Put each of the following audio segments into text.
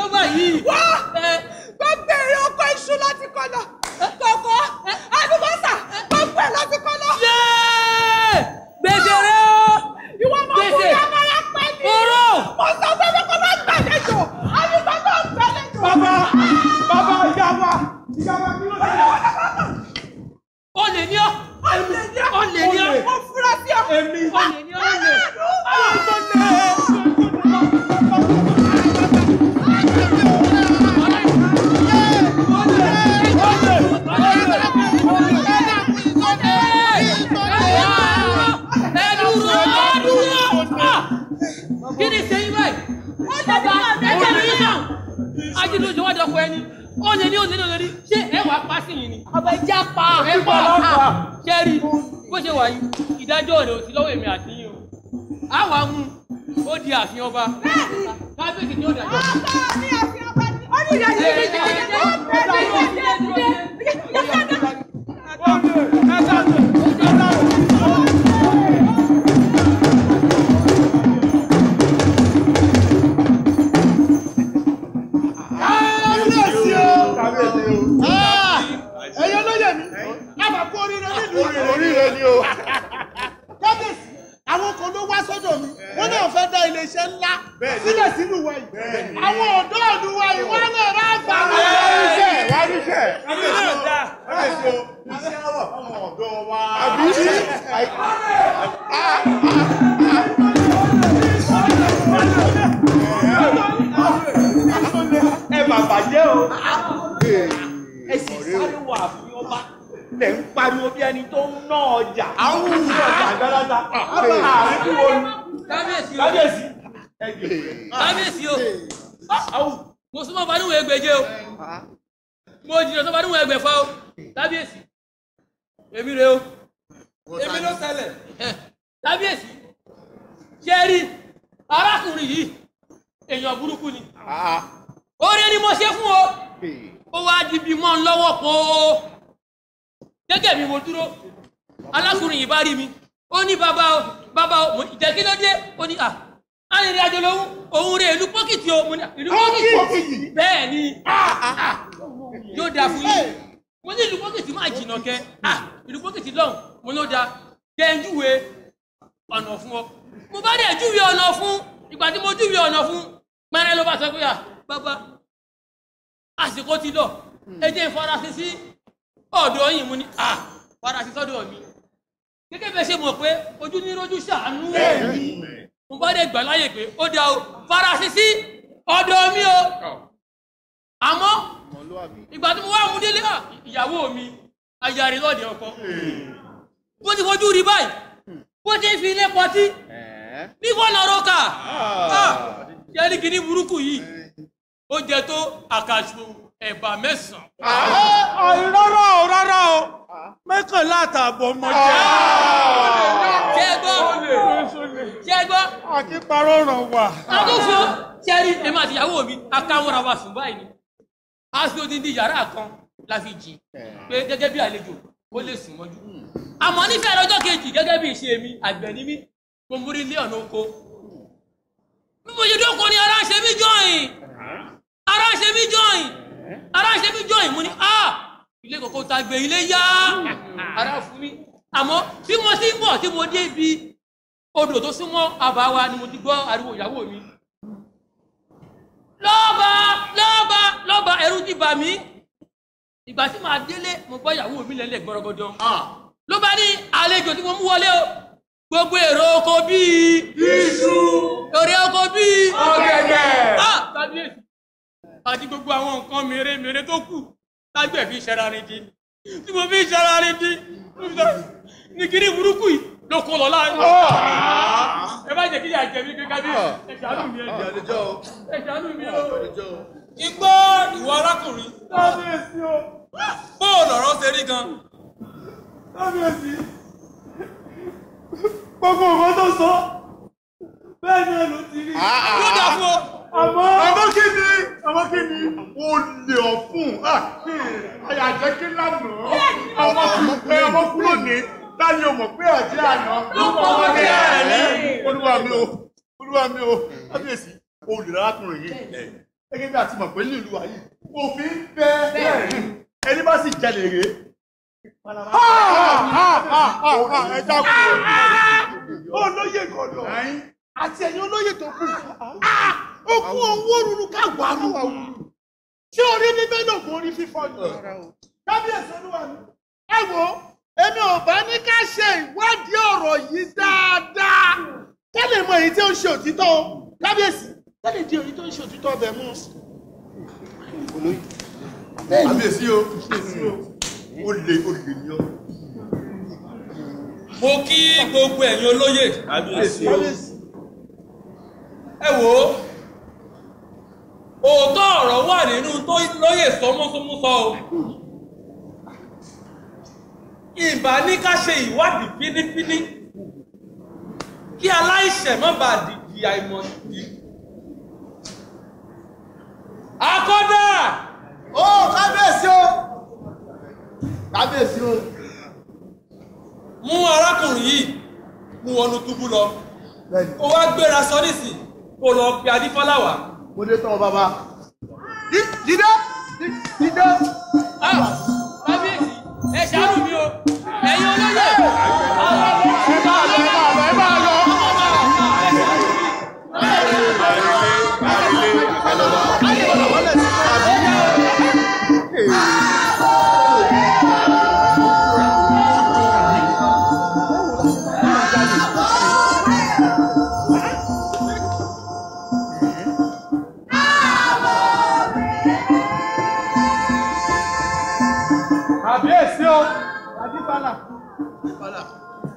Calma aí! Ah! ọbẹ̀ jápa ẹ̀pà kẹ́rì bó ṣe wà yìí ìdájọ́ ọ̀rẹ́ òsì lọ́wọ́ èmi àti yín o àwa mú ó di ààfin ọba kábíyèsí ni ó dájọ́. Thank you. sílẹ̀ sínú wa yìí àwọn ọ̀dọ́ ìlú wa yìí wọ́n lè rà àgbà wọn. wà á ríṣẹ́ kábíyèsí o iṣẹ́ ọ̀rọ̀ ọmọ ọ̀dọ́ wa. àbí ṣe ẹ mà bàjẹ́ o ẹ sì sáré wà fún ọba lẹ̀ ń pariwo bí ẹni tó ń ná ọjà. àwọn ọjà àgbàlagbà àbá àríkú wo kábíyèsí kábíyèsí o ah, mo súnmọ́ fanúwò ẹgbẹ̀je o mo jìnnà sọ fanúwò ẹgbẹ̀fà o kábíyèsí èmi rè o èmi ló ṣẹlẹ̀ kábíyèsí ṣe rí arákùnrin yìí èèyàn burúkú ni oore ni mo ṣe fún o ó wá di bí mọ́ ń lọ́wọ́ pọ̀ o gẹ́gẹ́ mi mo dúró alákùnrin yìí bá rí mi ó ní bàbá o bàbá o ìjẹ́kí ló dé ó ní à. Ah, arìnrìn àjò lòun òun rè ìlú pọ́kìtì o mo ní ìlú pọ́kìtì bẹ́ẹ̀ ni ah, ah, ah. yóò dáa fún yín mo ní ìlú pọ́kìtì máa jìnnà kẹ ìlú pọ́kìtì lọ́hùn mo ló dáa kẹ ń júwe ọ̀nà fún ọ mo bá dẹ̀ júwe ọ̀nà fún ìgbà tí mo júwe ọ̀nà fún pẹ́rẹ́ ló bá sọ pé bàbá àsìkò ti lọ hmm. ẹ ìfarasí sí ọ̀dọ̀ yìí mo ní farasí sọ́dọ̀ mi gẹ́gẹ́ bẹ́ẹ̀ ṣe mọ̀ pé ojú ní rojú ṣàánú ẹ̀mí. mo bá dé gbà láyè pé ó dá o farasísí ọ̀dọ̀ mi o àmọ́ ìgbà tí mo wá mú délé à ah, ìyàwó mi ayàrí lọ́ọ̀dẹ̀ ọkọ bó hmm. ti fojú rí báyìí bó ti fi ilé pọtí ní fọ́nà rọ́kà jẹ́rí ah. ah, kìíní burúkú yìí ó jẹ tó àkàṣù ẹ̀bà mẹ́sàn-án. rárá o rárá o mẹ́kànlá àtààbọ̀ mọ̀ jẹ́. jẹ́ gbọ́ àkíparọ́ ràn wá. agbófo sẹ́rí èmi àti ìyàwó mi akáwọ́ra wa sùn báyìí ni a sì ti di yàrá kan la fi jì pé gẹ́gẹ́ bí àlejò kó lè sùn mọ́jú. àmọ́ nífẹ̀ẹ́ lọ́jọ́ kejì gẹ́gẹ́ bí ìṣe mi àgbẹ̀ ni mí mo múrí ilé ọ̀nà oko. bí mo ṣe dóko ni ara ṣe mí jọ̀yìn ara ṣe mí jọ̀yìn ara ṣe mí jọ̀yìn mo ní a ilé kòkó ta gbé ilé yá ara fún mi àmọ́ bí mo ti ń bọ̀ tí mo dé ibi odò tó súnmọ́ àbá wa ni mo ti gbọ́ ariwo ìyàwó mi lọ́ba lọ́ba lọ́ba ẹ̀rù ti bà mí ìgbà tí màá délé mo gbọ́ ìyàwó mi lẹ́lẹ̀ gbọ́rọ́gọ́dọ́ ló bá ní àlejò tí mo mú wọlé o gbogbo èrò oko bíi iṣu èrè oko bíi ọ̀gẹ̀dẹ̀ kábíyèsí àti gbogbo àwọn nǹkan mèremère tó kù lágbẹ̀ẹ́ fi ṣẹra rìn dín tí mo fi ṣẹra rìn dín ní kiri burúkú yìí ló kó lọ láàárọ̀. Ah. ẹ bá jẹ́ kí yà jẹ mí kíkà bí ah. ẹ ṣàánú mi ẹ jẹ o ẹ ṣàánú mi o. igbó ìwọ arákùnrin. kábíyèsí o. bóò lọ̀rọ̀ ṣe rí gan. kábíyèsí gbogbo nǹkan tó sọ bẹ́ẹ̀ ni ẹnu ti rí. Ah, ló dà fún ọ. àmọ́ àmọ́ kí ni àmọ́ kí ni o lè ọ̀ fún un. Hmm. àyà jẹ́ kí lánàá ọmọ kúrò hmm. ní láyé o mọ̀ pé ọ̀jẹ́ àná ló pọ̀ wọ́n ní àárín olúwa mi o olúwa mi o kábíyèsí olùdarákùnrin yìí gẹ́gẹ́ bí a ti mọ̀ pé ní ìlú wa yìí òfin bẹ́ẹ̀ ẹni bá sì jalè rèé olóyè gọdọ àti ẹ̀yin olóyè tó kù ó kú owó ruru ká wà á wà wù ṣé orí ní bẹ́ẹ̀ náà kò rí fífọ́ ni kábíyèsí olúwa mi ẹ wò ó èmi ò bá ní ká ṣe ìwádìí ọ̀rọ̀ yìí dáadáa ká lè mọ èyí tí ó ń ṣe òtítọ́ o kábíyèsí ká lè di èyí tó ń ṣe òtítọ́ ọbẹ̀ mú. kábíyèsí o ó lè ó lè ní ọ. mo kí gbogbo ẹ̀yin olóyè kábíyèsí o ẹ wò ó òótọ́ ọ̀rọ̀ wà nínú tó lóyè sọmọ́sọmọ́sọ o ìbá ní ká ṣe ìwádìí fínífíní kí aláìṣẹ̀ má bàa dìdì àìmọ̀ dìdì. akọ́dà. ó kábíyèsí o kábíyèsí o. mú arákùnrin yìí mú wọnú túbú lọ kó wá gbéra sọ nísìn kó lọ pe adífọ́láwà. mo dé tán bàbá. dídá dídá. Ah, kábíyèsí ẹ ṣàánú mi o.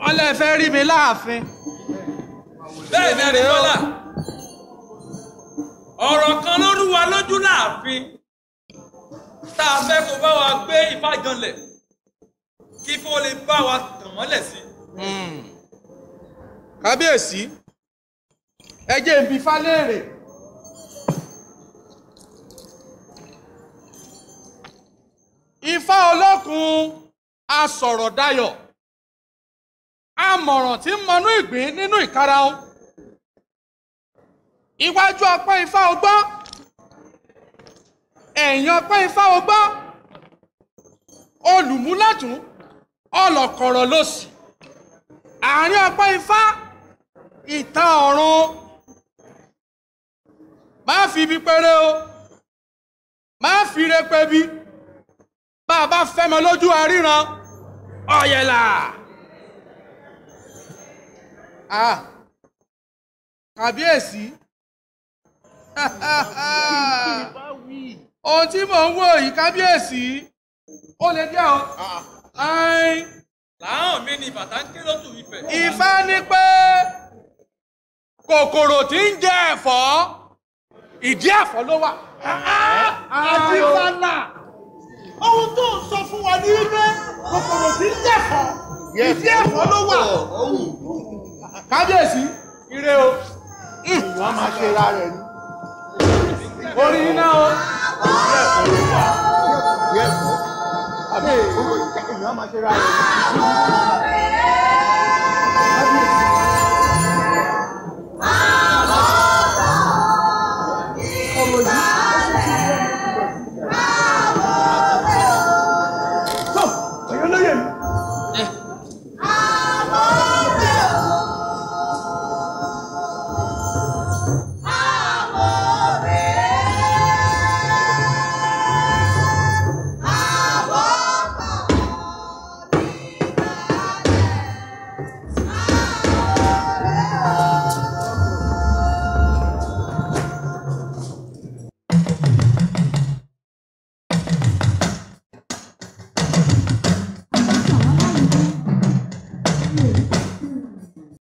wọ́n lè fẹ́ rí mi láàfin. bẹ́ẹ̀ ni àdìbọ́lá ọ̀rọ̀ kan ló rú wa lójú láàfin tá a fẹ́ kó bá wa gbé ìfàjànlẹ̀ kí fó lè bá wa tàn mọ́lẹ̀ sí. Hmm. kábíyèsí ẹ jẹ́ n bi Ifá Olókun asọ̀rọ̀ dayọ̀ amọ̀ràn tí ń mọnú ìgbín nínú ìkara o iwájú ọpẹ́ ifá ogbọ́ ẹ̀yìn ọpẹ́ ifá ogbọ́ olùmúlẹ̀tún ọlọ́kọ̀rọ̀ lòsì àárín ọpẹ́ ifá ìta ọ̀run má fi ibi péré o má fi re pé bí bá a bá fẹ́ mọ lójú àríran ọ̀yẹ̀là. Ah! Kàbíyèsí! Ohun tí mò ń wò yìí kábíyèsí, ó lè jẹ́ o. Láhàn mi ni bàtà ń ké lótú Ifẹ̀. pé kòkòrò tí ń jẹ ẹ̀fọ́, ìdí ẹ̀fọ́ ló wà. Àti Fálà, ohun tó sọ fún wa ní wípé kòkòrò tí ń jẹ̀fọ́, ìdí ẹ̀fọ́ ló kábíyèsí ire o ìwọ́n máa ṣe ra rẹ̀ ni orí iná o. àbí máa ṣe ra rẹ̀ ni.